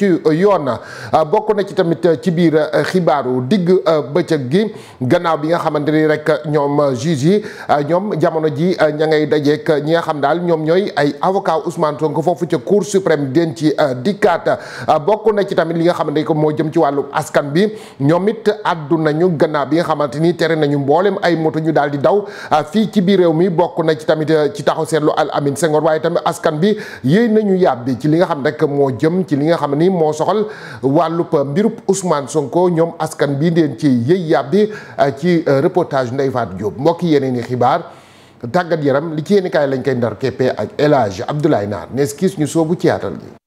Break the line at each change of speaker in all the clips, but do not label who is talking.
ci euh, yoon euh, bokk na ci tamit euh, ci biir xibaaru digg bëccëg gi gannaaw bi nga xamante ni rek ñoom juge yi ñoom jamono ji ña ngay dajeek ñi nga xam daal ñoom ñooy ay avocat Ousmane Sonko foofu ca cour suprême den ci dikkaat bokk na ci tamit li nga xamante ko moo jëm ci wàllu askan bi ñoom it addu nañu gannaaw bi nga xamante ni tere nañu mboolem ay moto ñu daal di daw fii ci biir réew mi bokk na ci tamit ci taxaw seetlu Al amin Senghor waaye tamit askan bi yéey nañu moo soxal wàllub mbirub Ousmane Sonko ñoom askan bii ndeen ci yëy yàbbi euh, ci euh, reportage Ndeye Fatou Diop mbokk yeneen i xibaar tàggat yaram li ci yéen kaay lañ koy ndar keppe ak El Hadj Abdoulaye Naar nees kiis ñu soobu ci yaatal gi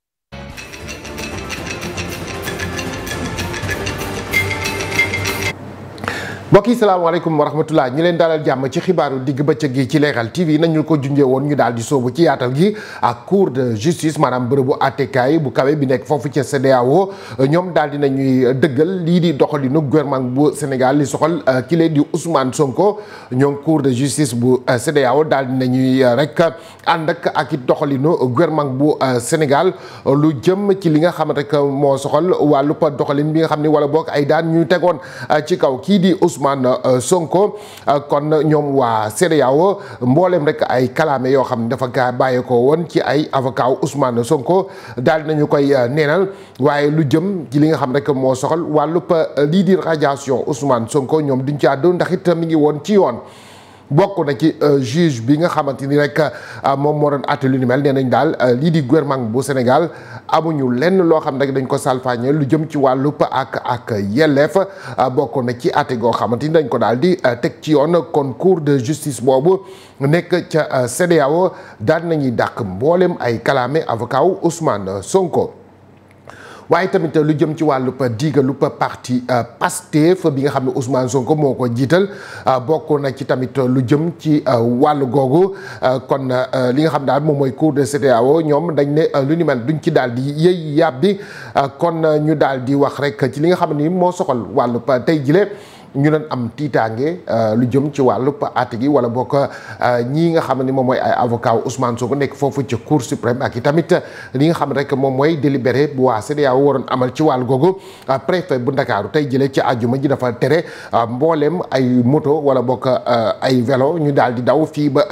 mbokk yi salaamaaleykum wa rahmatullah ñi leen dalal jàmm ci xibaaru digg bëccëg gi ci leeral TV nañu ko junjee woon ñu daal di soobu ci yaatal gi ak cour de justice maanaam bërëbu àttekaay bu kawe bi nekk foofu ca CEDEAO ñoom daal di nañuy dëggal lii di doxalinu gouvernement bu Sénégal li soxal euh, kile di Ousmane Sonko ñoom cour de justice bu euh, CEDEAO daal di nañuy euh, rek ànd ak ak it doxalinu gouvernement bu Sénégal lu jëm ci li nga xam rek moo soxal wàllu doxalin bi nga xam ne wala boog ay daan ñu tegoon ci kaw kii di Ousmane euh, Sonko euh, kon ñoom waa CEDEAO mbooleem rek ay kalaame yoo xam ne dafa gaa bàyyeekoo woon ci ay avocat wu Ousmane Sonko daal nañu koy euh, neenal waaye lu jëm ci li nga xam rek moo soxal wàllub lii di radiation Ousmane Sonko ñoom duñ ci àddu ndax it mi ngi woon ci yoon. bokk na ci euh, juge bi nga xamante ni rek euh, moom moo doon àtte lu ni mel nee nañ daal euh, lii di gouvernement bu Sénégal amuñu lenn loo xam rek dañ ko salfaañe lu jëm ci wàllub ak ak yelleef bokk na ci ate goo xamante ni dañ ko daal di teg ci yoon kon cour de justice boobu nekk ca CEDEAO daan nañuy dàq mbooleem ay kalaame avocat wu Ousmane Sonko. waaye tamit lu jëm ci wàllu diigalu parti euh, Pastef bi nga xam ne Ousmane Sonko moo ko jiital euh, bokk na ci tamit lu jëm ci euh, wàllu googu kon li nga xam daal moom mooy cour de CEDEAO ñoom dañ ne lu ni mel duñ ci daal di yëy yàbbi kon ñu daal di wax rek ci li nga xam ni moo soxal wàllu pa tey jile ñu doon am tiitaange euh, lu jëm ci wàllub àtte gi wala bokk euh, ñii nga xam ne moom mooy ay avocat Ousmane Sonko nekk foofu ci cour suprême ak yi tamit li nga xam rek moom mooy délibéré bu waa CEDEAO waroon amal ci wàll googu euh, préfet bu Ndakaaru tey jëlee ci àjjuma ji dafa tere mbooleem ay moto wala bokk ay vélo ñu daal di daw fii ba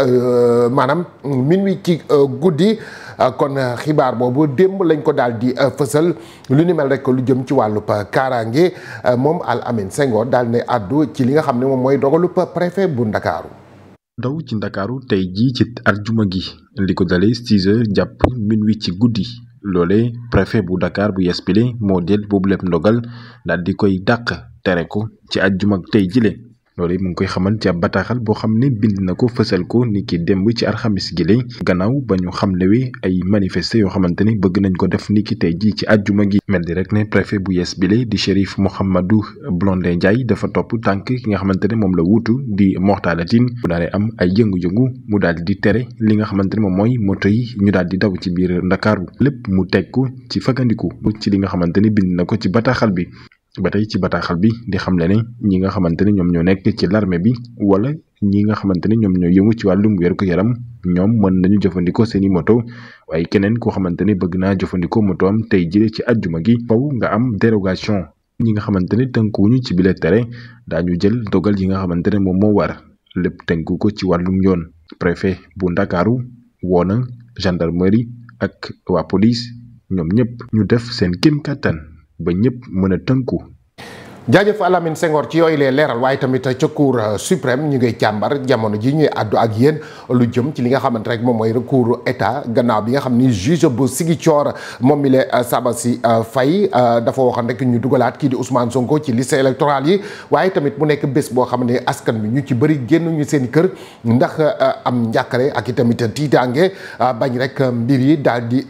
maanaam minuit ci guddi. Euh, kon euh, xibaar boobu démb lañ ko daal di euh, fësal lu ni mel rek lu jëm ci wàllu wàllub kaaraange moom Al Amine Senghor daal ne àddu ci li nga xam ne moom mooy pa préfet bu Ndakaaru
daw ci Ndakaaru tey jii ci juma gi li ko dalee six heures jàpp minuit ci guddi loole préfet bu Dakar bu yees bile moo del boobu lépp ndogal daal di koy dàq tere ko ci arjuma tey jile loolu mu ngi koy xamal ci ab bataaxal boo xam ne bind na ko fësal ko ni ki démb ci alxamis gi lay gannaaw ba ñu xamle wi ay manifester yoo xamante ni bëgg nañ ko def ni tey jii ci àjjuma gi mel di rek ne préfet bu yees bi lay di shérif Mouhamadou Blondin Ndiaye dafa topp tànk ki nga xamante ne moom la wuutu di Mortalla Tine bu daal am ay yëngu-yëngu mu daal di tere li nga xamante ne moom mooy moto yi ñu daal di daw ci biir Ndakaaru lépp mu teg ko ci fagandiku ci li nga xamante ni bind na ko ci bataaxal bi ba tey ci bataaxal bi di xamle ne ñi nga xamante ni ñoom ñoo nekk ci larme bi wala ñi nga xamante ni ñoom ñoo yëngu ci wàllum wér yaram ñoom mën nañu jëfandikoo seen i moto waaye keneen koo xamante ni bëgg naa jëfandikoo moto am tey jile ci àjjuma gi faw nga am dérogation ñi nga xamante ni tënkuwuñu ci bile tere daa ñu jël dogal yi nga xamante ne moom moo war lépp tënku ko ci wàllum yoon préfet bu ndakaaru woona gendarmerie ak waa police ñoom ñëpp ñu def seen kéem kattan ba ñëpp mën a tënku
jaajëf Alamine Senghor ci yooyu lee leeral waaye tamit ca cour suprême ñu ngay càmbar jamono ji ñuy àddu ak yéen lu jëm ci li nga xamante rek moom mooy recours état gannaaw bi nga xam ni juge bu Ziguinchor moom mi le Sabassy euh, Faye euh, dafa waxoon rek ñu dugalaat kii di Ousmane Sonko ci liste électorale yi waaye tamit mu nekk bés boo xam ne askan bi ñu ci bëri génn ñu seen kër ndax euh, am njàkkare ak i tamit tiitaange bañ rek mbir yi daal di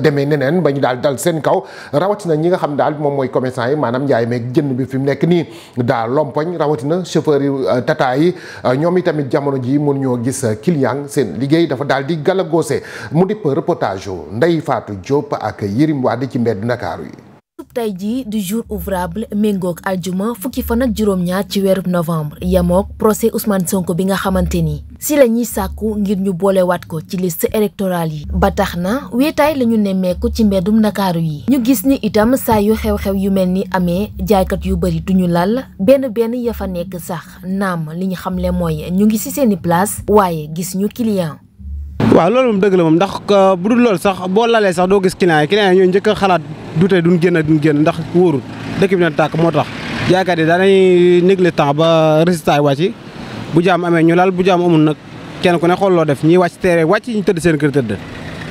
demee neneen ba ñu daal dal seen kaw rawatina ñi nga xam daal moom mooy commerçant yi maanaam njaay meeg jënd bi fi mu nekk nii daa lompoñ rawatina chauffeur yi euh, tata yi euh, ñoom itamit jamono ji mënuñoo ñoo gis euh, client seen liggéey dafa daal di gàllagoose mu dipp reportage yu Ndeye Fatou Diop ak Yérim Wade ci mbedd Ndakaaru yi
tey jii di jour ouvrable méngoog aljuma fukki fan ak juróom-ñaar ci weeru novembre yamoog procès Ousmane Sonko bi nga xamante ni si la ñuy sàkku ngir ñu boolewaat ko ci liste électorale yi ba tax na wéetaay la ñu nemmeeku ci mbeddum ndakaaru yi ñu gis ni itam saa yu xew-xew yu mel ni amee jaaykat yu bëri duñu lal benn benn ya fa nekk sax naam li ñu xamle mooy ñu ngi si seeni place waaye gis ñu client
waaw loolu moom dëgg la moom ndax bu dul loolu sax boo lalee sax doo gis client yi client yi ñooy njëkk a xalaat dute duñ génn duñ génn ndax wóorul dëkk bi na tàkk moo tax yaakaar yi daanañuy négle temps ba résultat yi wàcc bu jaam amee ñu laal bu jaam amul nag kenn ku ne xool loo def ñiy wàcc teere wàcc ñu tëdd seen kër tëdd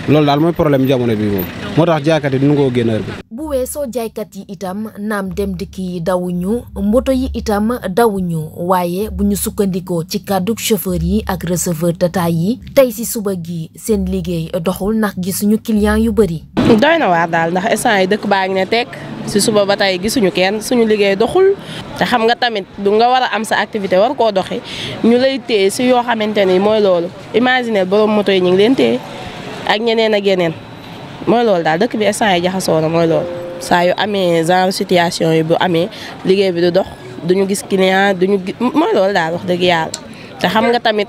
loolu daal mooy problème jamono bi moom moo tax jaaykat yi duñu koo génn heure bi
bu weesoo jaaykat yi itam naam dem dikk yi dawuñu mboto yi itam dawuñu waaye bu ñu sukkandikoo ci kàddu chauffeur yi ak receveur tata yi tey si suba gi seen liggéey doxul ndax gisuñu client yu bëri doy na waar daal ndax instant yi dëkk baa ngi ne tekk si suba ba tey gisuñu kenn suñu liggéey doxul te xam nga tamit du nga war a am sa activité war koo doxi ñu lay téye si yoo xamante ni mooy loolu imaginer borom moto yi ñu ngi leen téye ak ñeneen ak yeneen mooy loolu daal dëkk bi instant yi jaxasoo na mooy loolu saa yu amee genre situation yi bu amee liggéey bi du dox duñu gis client duñu gis mooy loolu daal wax dëgg yàlla te xam nga tamit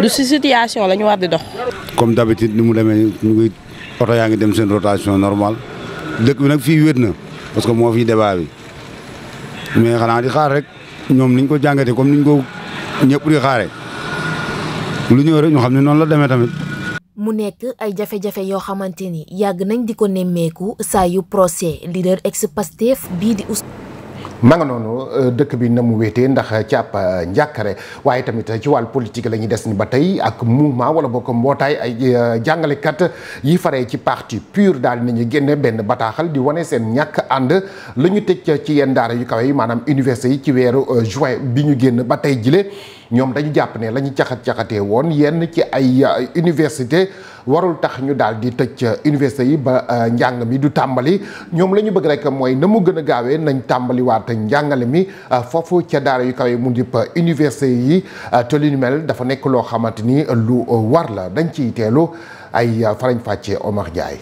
du situation la ñu war di dox.
comme d'habitude ni mu demee ñu ngi oto yaa ngi dem seen rotation normale dëkk bi nag fii wéet na parce que moo fi débat mais xanaa di xaar rek ñoom niñ ko
jàngatee comme niñ ko ñëpp di xaaree lu ñëw rek ñu xam ne noonu la demee tamit.
mu nekk ay jafe-jafe yoo xamante ni yàgg nañ di ko nemmeeku saa yu procès leader ex Pastef bii di Ousmane
ma nga noonu euh, dëkk bi na mu wéetee ndax càpp euh, njàkkare waaye tamit ci wàll politique la ñuy des ni ba tey ak mouvement wala bokk mbootaay ay euh, jàngalekat yi faree ci parti pur daal nañu génne benn bataaxal di wane seen ñàkk ànd la ñu tëj ci yenn daara yu kawe yi maanaam université yi ci weeru juin bi ñu génn ba tey jile ñoom dañu jàpp ne la ñu caxat-caxatee woon yenn ci ay université warul tax ñu daal di tëj université yi ba njàng mi du tàmbali ñoom la ñu bëgg rek mooy na mu gën a gaawee nañ tàmbaliwaat wàllaat njàngale mi euh, foofu ca daara yu kaw yi mu dip euh, université yi euh, te li dafa nekk loo xamante ni lu war la dañ ciy teelu ay farañ fàcce Omar Ndiaye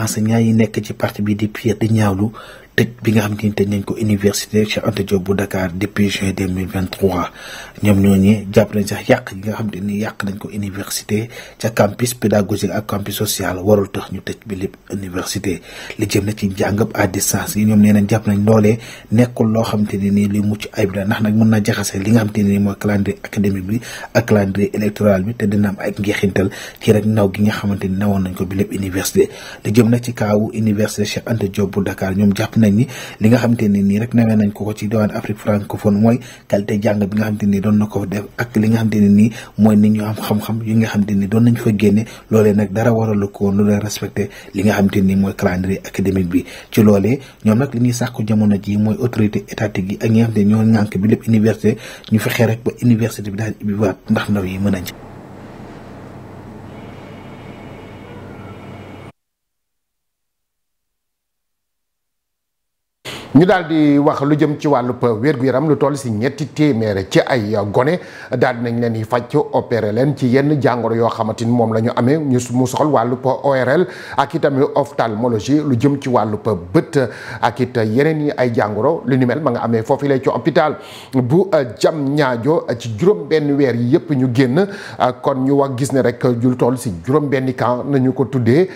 enseignants yi nekk ci
parti bi di Pierre di ñaawlu tëj bi nga xam te ni tëj nañ ko université Cheikh Anta Diop bu Dakar depuis juin ñoom ñooñu jàpp nañ sax yàq yi nga xam te ni yàq nañ ko université ca campus pédagogique ak campus social warul tax ñu tëj bi lépp université li jëm na ci njàngab à distance yi ñoom nee jàpp nañ loolee nekkul loo xam te ne nii li mucc ayib la ndax nag mën naa jaxase li nga xam te ne nii mooy calendrier académique bi ak calendrier électoral bi te dina am ay njeexintal ci rek naw gi nga xamante ni nawoon nañ ko bi lépp université li jëm na ci kaawu université Cheikh Anta nañ li nga xamante ne nii rek nawee nañ ko ko ci diwaan Afrique foon mooy qualité jàng bi nga xamante ni doon na ko ak li nga xamante ne nii mooy nit ñu am xam yi nga xamante ni doon nañu fa génne loolee nag dara waralu ko lu leen respecté li nga xamante ni mooy calendrier académique bi ci loolee ñoom nag li ñuy sàkku jamono ji mooy autorité étatique yi ak ñi nga ñoo ŋànk bi lépp université ñu fexee rek ba université bi daal ibiwaat ndax ndaw yi mën a
ñu daal di wax lu jëm ci wàllub wér-gu-yaram lu toll si ñetti téeméer ci ay gone daal dinañ leen di faj opéré leen ci yenn jàngoro yoo xamante ni moom la amee ñu mu soxal wàllub ORL ak itamit ophtalmologie lu jëm ci wàllub bët ak it yeneen yi ay jàngoro lu ni mel ma nga amee foofu lay ci hôpital bu jam ñaajo ci juróom weer yëpp ñu génn kon ñu wax gis ne rek lu toll si juróom benn camp nañu ko tuddee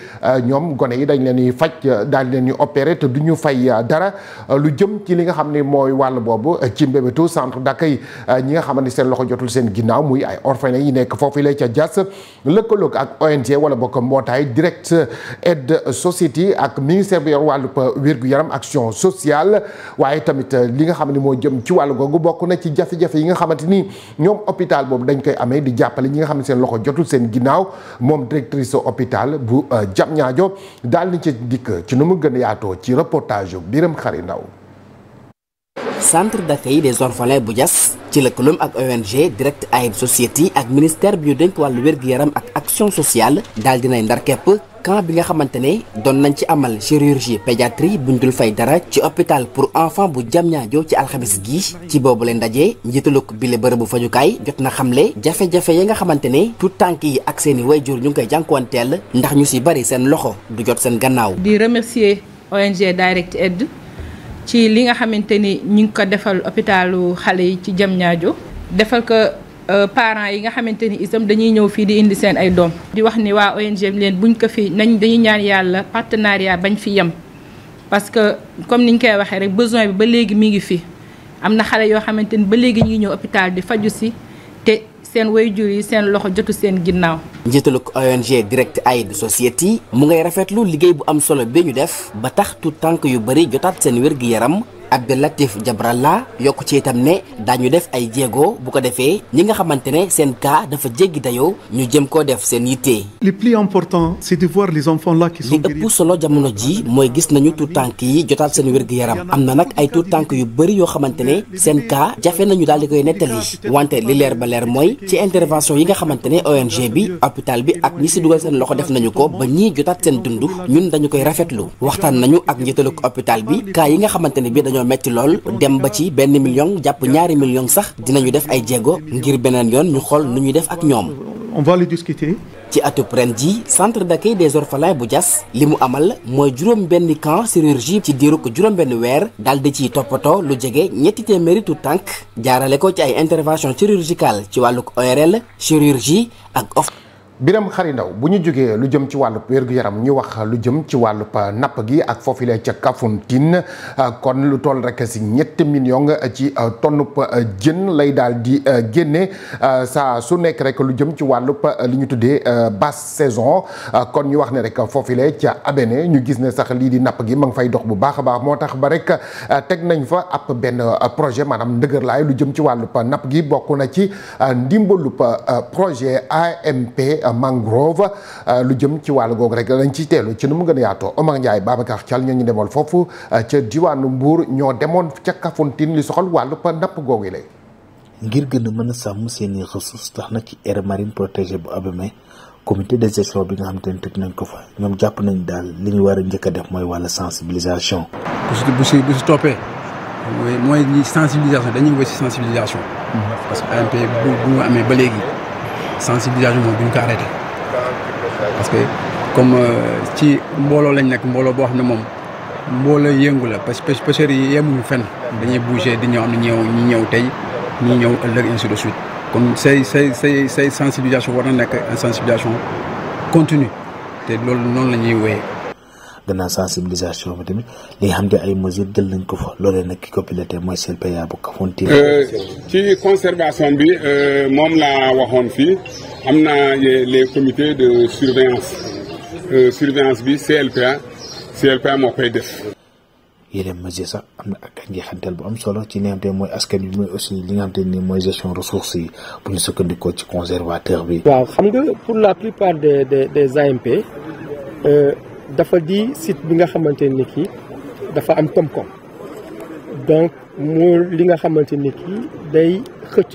ñoom gone yi dañ leen di faj daal leen di opéré te du ñu fay dara Euh, lu jëm ci li nga xam ni mooy wàll boobu euh, ci mbébétu centre d'accueil euh, ñi nga xamante seen loxo jotul seen ginnaaw muy ay orphelin yi nekk foofu lay ca Diass lëkkaloog ak ONG wala bokk mbootaay direct aide société ak ministère wàllu wér gu action sociale waaye tamit li nga xam ne moo jëm ci wàllu googu bokk na ci jafe yi nga xamante ni ñoom hôpital boobu dañ koy amee di jàppale ñi nga xam ne seen loxo jotul seen ginnaaw moom directrice hôpital bu Diamniadio daal ni ci dikk ci nu mu gën yaatoo ci reportage yu Biram Xarina centre d'accueil des
orphelins bu Diass ci lëkkaloom ak ONG Direct Aid Society ak ministère bi ñu dénk wàllu wér-gu-yaram ak action sociale daal nay ndar képp camp bi nga xamante ne doon nañ ci amal chirurgie pédiatrie buñ dul fay dara ci hôpital pour enfants bu Diamniadio ci alxamis gi ci boobu leen ndaje njiitaluk bile bërëbu fajukaay jot na xamle jafe-jafe yi nga xamante ne tout tànk yi ak seen i wayjur ñu ngi koy jànkuwanteel ndax ñu si bari seen loxo jot seen gannaaw.
ci li nga xamante ni ñu ngi ko defal hôpitalu xale yi ci Diamniadio defal ko euh, parent yi nga xamante ni itam dañuy ñëw fii di indi seen ay doom di wax ni waa ONG leen buñ ko fi nañ dañuy ñaan yàlla partenariat bañ fi yem parce que comme ñu koy waxee rek besoin bi ba léegi mi ngi fi am na xale yoo xamante ni ba léegi ñu ngi ñëw hôpital di faju si te seen way jur yi seen loxo jotu seen ginnaaw
njiitalu ONG Direct Aid Society mu ngay rafetlu liggéey bu am solo bi ñu def ba tax tu tànk yu bëri jotaat seen wér-gi-yaram Abdelatif Jabralla yokku ci itam ne daañu def ay jéego bu ko defee ñi nga xamante ne seen cas dafa jéggi dayoo ñu jëm koo def seen yitte. le plus important c'est de voir les enfants là qui sont guéris. li ëpp solo jamono ji mooy gis nañu tuut tànk yi jotaal seen wérgu yaram am na nag ay tuut tànk yu bari yoo xamante ne seen cas jafe nañu daal di koy nettali wante li leer ba leer mooy ci intervention yi nga xamante ne ONG bi hôpital bi ak ñi si dugal seen loxo def nañu ko ba ñii jotaat seen dund ñun dañu koy rafetlu dina metti lool dem ba ci benn million jàpp ñaari million sax dinañu def ay jéego ngir beneen yoon ñu xool nu ñuy def ak ñoom. on va le ci atub ren ji centre d'accueil des orphelins bu Diass li mu amal mooy juróom benn camp chirurgie ci diiru ko juróom benn weer daal di ciy toppatoo lu jege ñetti téeméeri tuut tànk
jaarale ko ci ay intervention chirurgicale ci wàllug ORL chirurgie ak of Birame Khary ndaw bu ñu jógee lu jëm ci wàllu wér-gu-yaram ñu wax lu jëm ci wàllu euh, napp gi ak foofile ca Kafountine euh, kon lu toll rek si ñetti millions ci euh, tonne jën lay daal di génne saa su nekk rek lu jëm ci wàllu li ñu tuddee basse saison kon ñu wax ne rek foofile ca Abéné ñu gis ne sax lii di napp gi ma ngi fay dox bu baax a baax moo tax ba rek teg nañ fa ab benn projet maanaam laay lu jëm ci wàllu napp gi bokk na ci ndimbalu projet AMP. mangrove euh, lu jëm ci wàll googu rek lañ ciy teelu ci nu mu gën a yaatoo Omar Ndiaye Babacar Thial ñoo ñu demoon foofu euh, ca diwaanu Mbour ñoo demoon ca Kafountine li soxal wàllu pa napp googu lay
ngir gën a mën a sàmm seen i ressources tax na ci aire marine protégée bu Abomey comité de gestion bi nga xam te ne teg nañ ko fa ñoom jàpp nañ daal li ñu war a njëkk a def mooy wàllu sensibilisation. bu si bu si bu toppee mooy mooy sensibilisation dañuy wéy si
sensibilisation.
Mm-hmm.
parce ba léegi. sensibilisation moom ñu ko arrêté parce que comme euh, ci mbooloo lañ nekk mbooloo boo xam ne moom mbooloo yëngu la parce que pêcheurs yi yemuñu fenn dañuy bouger di ñëw am ñëw ñi ñëw tey ñi ñëw ëllëg ainsi de suite kon say say say say sensibilisation war na nekk sensibilisation continue te loolu noonu la ñuy wooyee
gannaaw sensibilisation bi tamit li nga xam ne ay mesures jël nañ ko fa loolee nag ki ko piloté mooy CLPA bu Kafountine. Euh,
ci conservation bi euh, moom laa waxoon fii am na les
comités de euh, bi CLPA CLPA moo koy def.
yeneen mesures sax am na ak njeexantal bu am solo ci li te mooy askan bi mooy aussi li nga xam te ni mooy gestion ressources yi bu ñu sukkandikoo ci conservateur bi. waaw xam nga
pour la plupart des des AMP. dafa di sit bi nga xamante ni
kii dafa am koom-koom donc moo li nga xamante ni kii day xëcc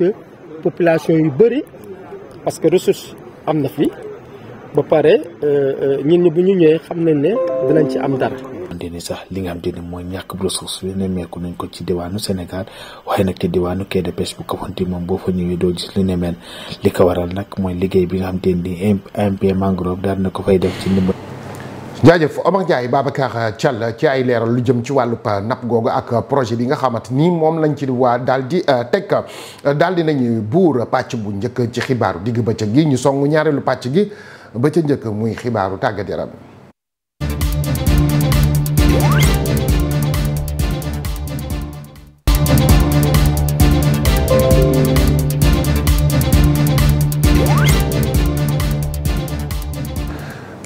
population yu bëri parce que ressource am na fi
ba pare euh, euh, ñun ñi bu ñu ñëwee xam nañ ne dinañ ci am dara. sax li nga xamante ni mooy ñàkk bu ressource bi nemmeeku nañ ko ci diwaanu Sénégal waaye nag ci diwaanu quai de pêche di moom boo fa ñëwee doo gis lu ne mel li ko waral nag mooy liggéey bi nga xam xamante ni MP mangrove daal na ko fay def ci ndimbal.
jaajëf Omar Ndiaye Babacar Thial ci ay leeral lu jëm ci wàllu wàllub euh, napp googu ak euh, projet bi nga xamante ni moom lañ ci waa daal di euh, teg daal di nañu buur pàcc bu njëkk ci xibaaru digg bëccëg gi ñu song ñaareelu pàcc gi ba ca njëkk muy xibaaru tàggat yaram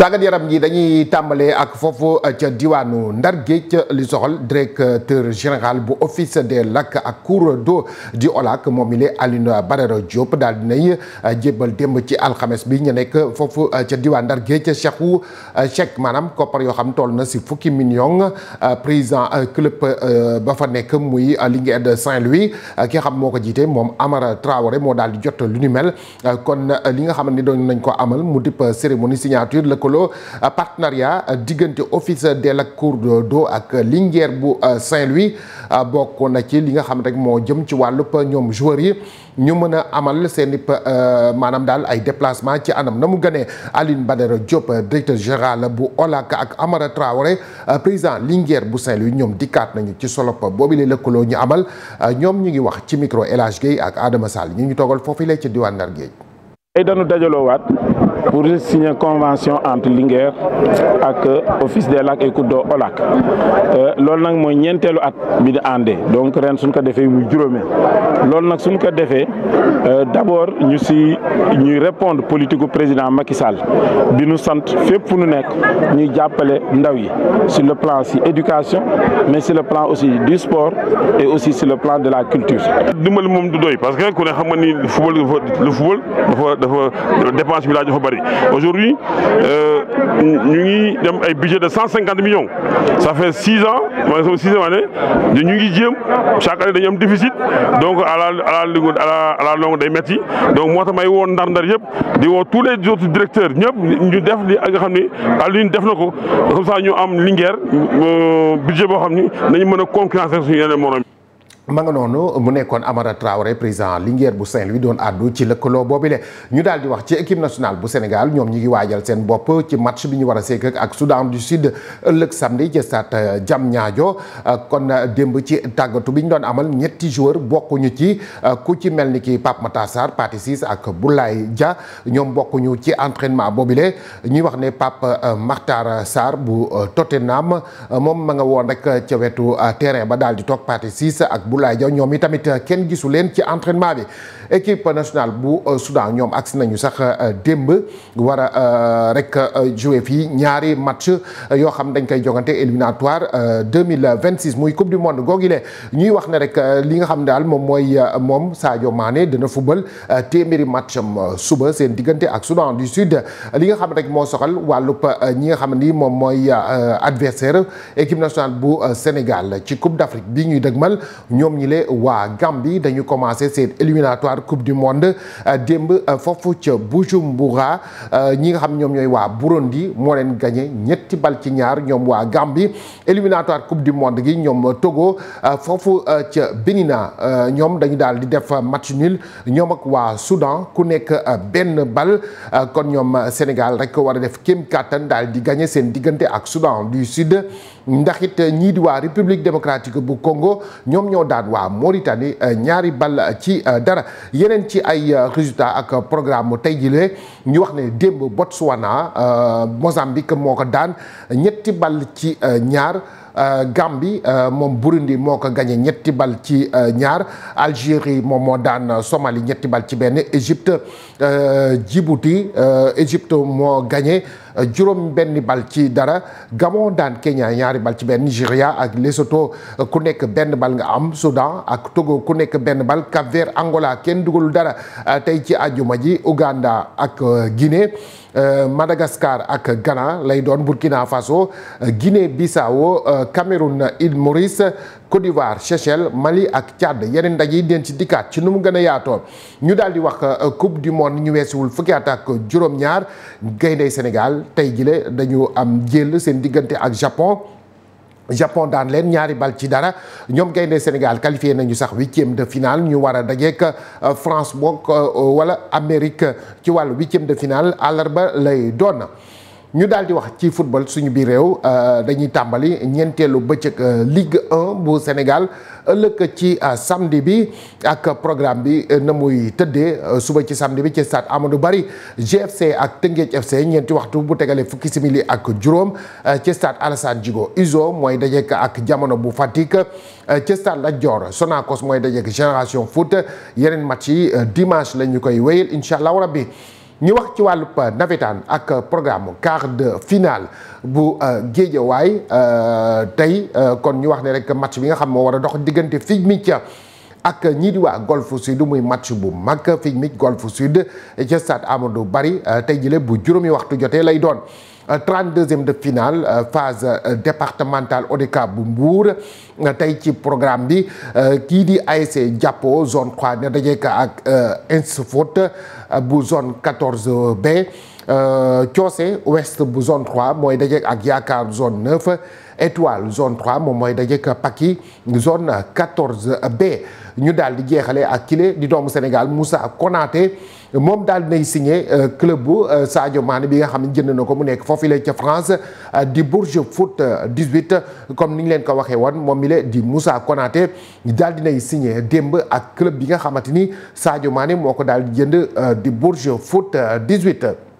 tàggat yaram gi dañuy tàmbalee ak foofu euh, ca diwaanu Ndar Géej li soxal directeur général bu office des lacs ak cours d'eau di OLAC moom mi lee Alioune Badara Diop daal dinañ euh, jébbal démb ci alxames bi ñu nekk foofu euh, ca diwaan Ndar Géej cheku chèque maanaam koppar yoo xam toll na si fukki million président club ba fa nekk muy Linguère de Saint-Louis ki xam moo ko jiitee moom Amara Traoré moo daal di jot lu ni mel kon li nga xam ne doon nañ ko amal mu dip cérémonie lëkkaloo euh, partenariat euh, diggante office de la cour d'eau ak Linguère bu euh, Saint-Louis bokk na ci li nga xam rek moo jëm ci wàllub ñoom joueurs yi ñu mën a amal seen i maanaam daal ay déplacement ci anam na mu gënee Aline Badara Diop directeur général bu OLAC ak Amara Traoré président Linguère bu Saint-Louis ñoom dikkaat nañu ci solo boobu la lëkkaloo ñu amal ñoom ñu ngi wax ci micro El Hadj ak Adama Sall ñu ñu toogal foofu la ci diwaan géey
Guèye. tey dajaloo waat pour signer convention entre Linguère ak office des lacs et Côtes d'eau euh, loolu nag mooy ñeenteelu at bi di àndee donc ren suñ ko defee mu juróome loolu nag suñ ko defee euh, d'abord ñu si ñu répondre politique gu président Macky Sall bi nu sant fépp fu nu nekk ñuy jàppale ndaw yi sur le plan si éducation mais sur le plan aussi du sport et aussi sur le plan de la culture. dimbali moom du doy parce que ku ne xam nga football dafa dafa dépense bi bëri aujourd'hui euh, ñu ngi dem ay budget de cent cinquante millions ça fait
six ans mooy sama sixième année ñu ngi jéem chaque année dañu am déficit donc à la à day metti donc moo tax may woo ndar-ndar yëpp di woo tous les autres directeurs ñëpp ñu def li nga xam ne Alioune def na ko comme ça ñu am Linguère euh, budget boo xam ni nañu mën a concurrencer suñu yeneen morom ma nga noonu mu nekkoon Amara Traoré président Linguère bu Saint-Louis doon àddu ci lëkkaloo boobile ñu daal di wax ci équipe nationale bu Sénégal ñoom ñu ngi waajal seen bopp ci match bi ñu war a seek ak Soudan du Sud ëllëg samedi ci stade euh, Diamniadio euh, kon euh, démb ci tàggatu bi ñu doon amal ñetti joueur bokkuñu ci ku ci mel ni ki Pape Matar Sarr Pathé Ciss ak Boulaye ja ñoom bokkuñu ci entraînement boobile ñuy wax ne Pape Matar Sarr bu Tottenham moom ma nga woon rek ca wetu terrain ba daal Abdoulaye Diaw ñoom i tamit euh, kenn gisu leen ci entraînement bi équipe nationale bu euh, Soudan ñoom agsi nañu sax euh, démb war a rek joué fii ñaari match yoo xam dañ koy jogante éliminatoire 2026 muy coupe du monde googile ñuy wax ne rek li nga xam daal moom mooy moom Sadio Mané dina football téeméeri matcham suba seen diggante ak Soudan du Sud li nga xam rek moo soxal wàllu ñi nga xam ni moom mooy adversaire équipe nationale bu Sénégal ci coupe d'Afrique bi ñuy dëgmal ñoom ñi le waa Gambie dañu commencé seen éliminatoire coupe du monde euh, démb euh, foofu ca Bujumbura euh, ñi nga xam ñoom ñooy waa Burundi moo leen gagné ñetti bal ci ñaar ñoom waa Gambie éliminatoire coupe du monde gi ñoom Togo foofu ca Bénina ñoom dañu daal di def match nul ñoom ak waa Soudan ku nekk benn bal kon ñoom Sénégal rek war a def kéem kàttan daal di gagné seen diggante ak Soudan du Sud ndax it ñii di waa République démocratique bu Congo ñoom ñoo daan waa Mauritanie euh, ñaari bal ci euh, dara yeneen ci ay euh, résultat ak programme tey jile ñu wax ne démb Botswana Mozambique moo ko daan ñetti bal ci ñaar Gambie moom Burundi moo ko gagné ñetti bal ci ñaar Algérie moom moo daan Somalie ñetti bal ci benn Égypte Djibouti Égypte moo gagné juróom benn bal ci dara gamo daan Kenya ñaari bal ci benn Nigéria ak Lesotho ku nekk benn bal nga am Soudan ak Togo ku nekk benn bal Cap-Vert Angola kenn dugalul dara euh, tey ci àjjuma ji Uganda ak euh, Guinée euh, Madagascar ak Ghana lay doon Burkina Faso Guinée bisawo Cameroun Île Maurice Côte d'Ivoire Seychelles Mali ak càdd yeneen ndaje denc dikkaat ci nu mu gën a yaatoo ñu daal di wax euh, coupe du monde ñu weesuwul fukki at ak juróom-ñaar gayndey Sénégal tey jile dañu am jël seen diggante ak Japon Japon daan leen ñaari bal ci dara ñoom gaynde Sénégal qualifié nañu sax huitième de finale ñu war a dajeek euh, France boog euh, wala Amérique ci wàllu huitième de finale àllarba lay doon. ñu daal di wax ci football suñu biir réew euh, dañuy tàmbali ñeenteelu bëccëg euh, Ligue 1 bu Sénégal ëllëg ci euh, samdi bi ak programme bi na muy tëddee suba ci samedi bi ci stade Amadou Barry GFC ak Tëngéej FC ñeenti waxtu bu tegalee fukki simili ak juróom ci stade Alassane Djigo Izo mooy dajeek ak jamono bu Fatick ci stade Lat Dior Sonacos mooy dajeek Génération Foot yeneen match yi dimanche la ñu koy wéyal incha allah rabbi ñu wax ci wàllu euh, navétane ak euh, programme quart de finale bu euh, Guédiawaye tey kon ñu wax ne rek match bi nga xam moo war a dox diggante fii mi ca ak ñii di waa Golf Sud muy match bu mag fii mi Golf Sud ca stade Amadou Barry tey jële bu juróomi waxtu jotee lay doon. 32e de finale euh, phase euh, départementale ODCAV bu Mbour euh, tey ci programme bi kii di ASC Jàppo zone 3 ne dajeeka ak Insfot bu zone 14B Euh, Coose ouest bu zone 3 mooy dajeek ak Yaakaar zone 9 étoile zone 3 moom mooy dajeek Paki zone 14 B ñu dal di jeexale ak kile di doomu Sénégal Moussa Konaté moom daal dinay signé euh, club bu euh, Sadio Mané bi nga xam ne jënd na ko mu nekk foofu la ca France di Bourges Foot 18 comme ni ñu leen ko waxee wan moom mi la di Moussa Konaté daal nay signe démb ak club bi nga xamante ni Sadio Mané moo ko daal di jënd di Bourges Foot 18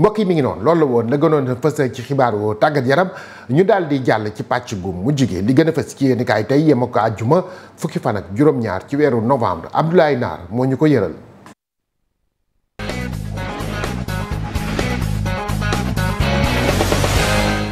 mbokk mi ngi noonu loolu la woon la gënoon a fës ci xibaar woo tàggat yaram ñu daal di jàll ci pàcc gu mu gi li gën a fës ci yéen kaay tey yem ak àjjuma fukki fan ak juróom-ñaar ci weeru novembre Abdoulaye Naar moo ñu ko yëral.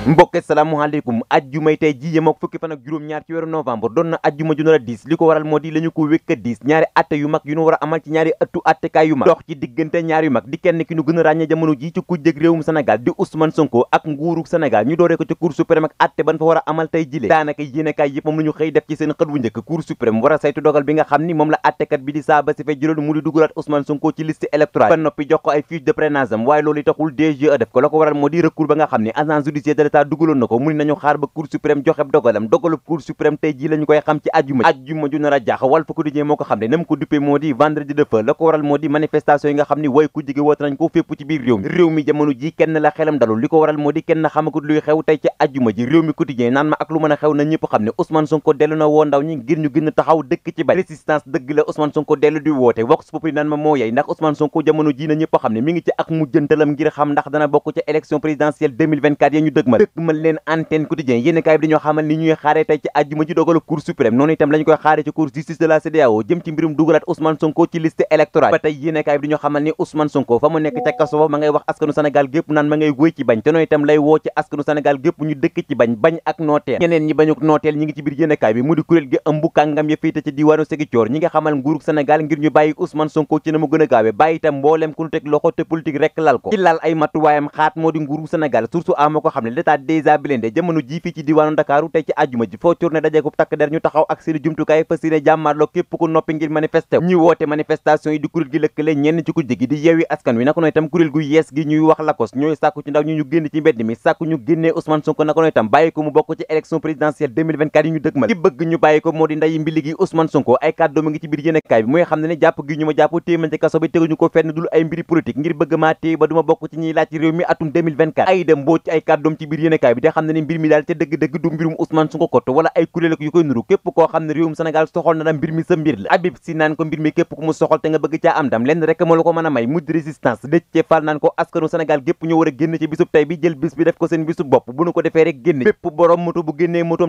mbokke salaamaaleykum ajjumay tey ji yem ak fukki fan ak juróom-ñaar ci weeru novembre doon na ajjuma ju a diis li ko waral moo di la ñu ko wékk a diis ñaari atte yu mag yu ñu war a amal ci ñaari ëttu attekaay yu mag dox ci diggante ñaar yu mag di kenn ki ñu gën a ràññee jamono ji di Ousmane Sonko ak nguuru ñu dooree ko ci cour suprême ak atte ban fa war a amal tey jile daanaka yéenekaay yëpp moom la xëy def ci seen xët wu njëkk cour suprême war a saytu état dugaloon na ko mu ni nañu xaar ba cour suprême joxeb dogalam dogalub cour suprême tey jii la koy xam ci àjjuma àjjuma ju ji kenn la xelam dalul li ko waral moo di kenn xamakut luy xew tey ci àjjuma ji réew mi quotidien naan ma ak lu mën a xew na ñëpp xam ne Ousmane Sonko dellu na woo ndaw ñi ngir ñu gën taxaw dëkk ci bañ résistance dëgg la Ousmane Sonko dellu di woote vox populi naan ma moo yey ndax Ousmane Sonko jamono ji na ñëpp xam ne mi dëkkmal leen antenne kaay bi dañoo xamal ni ñuy xaare tey ci àjjuma ji dogalu cour suprême noonu itam lañ koy xaare ci cour justice de la CEDEAO jëm ci mbirum dugalaat Ousmane Sonko ci liste électorale ba tey yéen kaay bi dañoo xamal ni Ousmane Sonko fa mu nekk ca kaso ba ma ngay wax askanu Sénégal gépp naan ma ngay wéy ci bañ te noonu itam lay woo ci askanu Sénégal gépp ñu dëkk ci bañ bañ ak nooteel ñeneen ñi bañu nooteel ñi ngi ci biir yéen déshabillé jamono ji ci diwaanu Ndakaaru tey ci àjjuma ji foo curne dajeeku takk der ñu taxaw ak seeni jumtukaay fas yéene jàmmaarloo képp ku noppi ngir manifester ñuy woote manifestation yi di kuréel gi lëkkale ñenn ci kujje gi di yeewi askan wi naka noonu itam kuréel gu yees gi ñuy wax lakos ñooy sàkku ci ndaw ñu ñu génn ci mbedd mi sàkku ñu génnee Ousmane Sonko naka noonu itam bàyyi ko mu bokk ci élection présidentielle 2024 bi mooy xam ne biir bi di xam ne ni mbir mi daal te dëgg-dëgg du mbirum Ousmane Sonko kott wala ay kuréel ak yu koy nuru képp koo xam ne réewum Sénégal soxol na la mbir mi sa mbir la Habib Sy naan ko mbir mi képp ku mu soxol te nga bëgg caa am dam lenn rek moo la ko mën a may mujj résistance Déthié Fall naan ko askanu Sénégal gépp ñoo war génn ci bisub tey bi jël bis bi def ko seen bisub bopp bu nu ko defee rek génn bépp borom moto bu génnee moto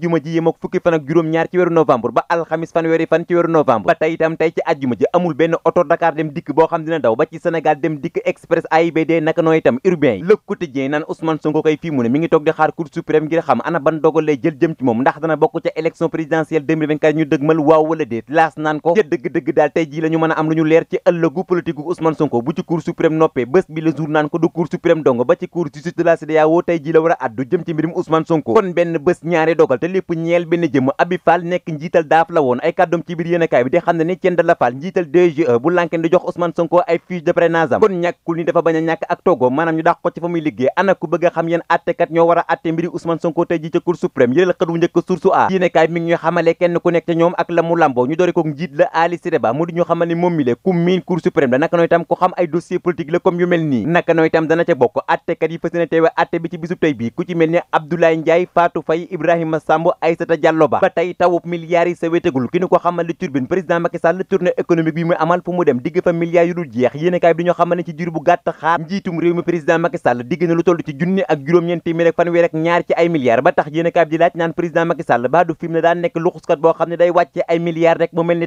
xañ ci fukki fan ak juróom-ñaar ci weeru novembre ba alxamis fanweeri fan ci weeru novembre ba tey itam tey ci àjjuma ji amul benn oto Dakar dem dikk boo xam dina daw ba ci Sénégal dem dikk express AIBD naka noonu itam urbain yi Le Quotidien naan Ousmane Sonko koy fii mu ne mi ngi toog di xaar Cour suprême ngir xam ana ban dogal jël jëm ci moom ndax dana bokk ca élection présidentielle 2024 ñu dëgmal waaw wala déet laas naan ko ca dëgg-dëgg daal tey ji la a am lu leer ci ëllëgu politique gu Ousmane Sonko bu ci Cour benn e kon ñàkkul ni dafa bañ a ñàkk ak toggoo maanaam ñu dàq ko fa muy liggéey ana ku bëgg a xam yéen attekat ñoo war a atte mbiri Ousmane Sonko tey ji ca Cour suprême yëlal wu njëkk source a yéenekaay mu lamboo ko njiit la Ali Sidé Ba mu di ñu xamal ni moom mi miin Cour suprême la naka nooy tam ko xam ay dossier politique la comme yu mel nii naka nooy tam dana ca bokk attekat yi fas yéene teewe atte bi ci bisub tey bi ku ci mel ni Abdoulaye Ndiaye Fatou Faye Diallo Ba tey tawub milliards yi sa wéetagul ki ñu ko xamal li turbine président Macky Sall tournée économique bi muy amal fu mu dem digg fa milliards yu dul jeex yéen kaay bi dañoo xamal ne ci jur bu gàtt xaar njiitum réew mi président Macky digg na lu toll ci junni ak juróom-ñeent téeméer ak fanweer ak ñaar ci ay milliards ba tax yéen bi di laaj naan président Macky baa du film ne daan nekk luxuskat boo xam ne day wàcce ay milliards rek mu mel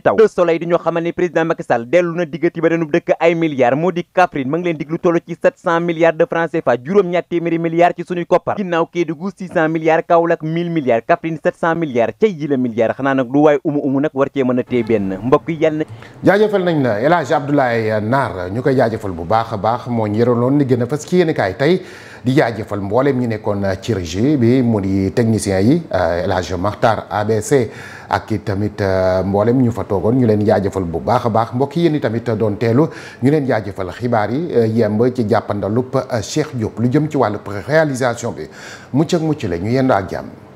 milliards ca yi la milliards xanaa nag lu waaye umu umu nag war cee mën a téye benn mbokk yi yàlla na jaajëfal nañ la El Hadj Abdoulaye Naar ñu koy jaajëfal bu
baax a baax moo njëroon li gën a fas ci kaay tey di jaajëfal mboolem ñu nekkoon ci régie bi mu di technicien yi El Hadj Makhtar ak i tamit euh, mboolem ñu fa toogoon ñu leen jaajëfal bu baax a baax mbokk yéen i tamit doon teelu ñu leen jaajëfal xibaar yi euh, yemb ci jàppandalub euh, Cheikh Diop lu jëm ci wàllu réalisation bi mucc ak mucc la ñu yendu ak jàmm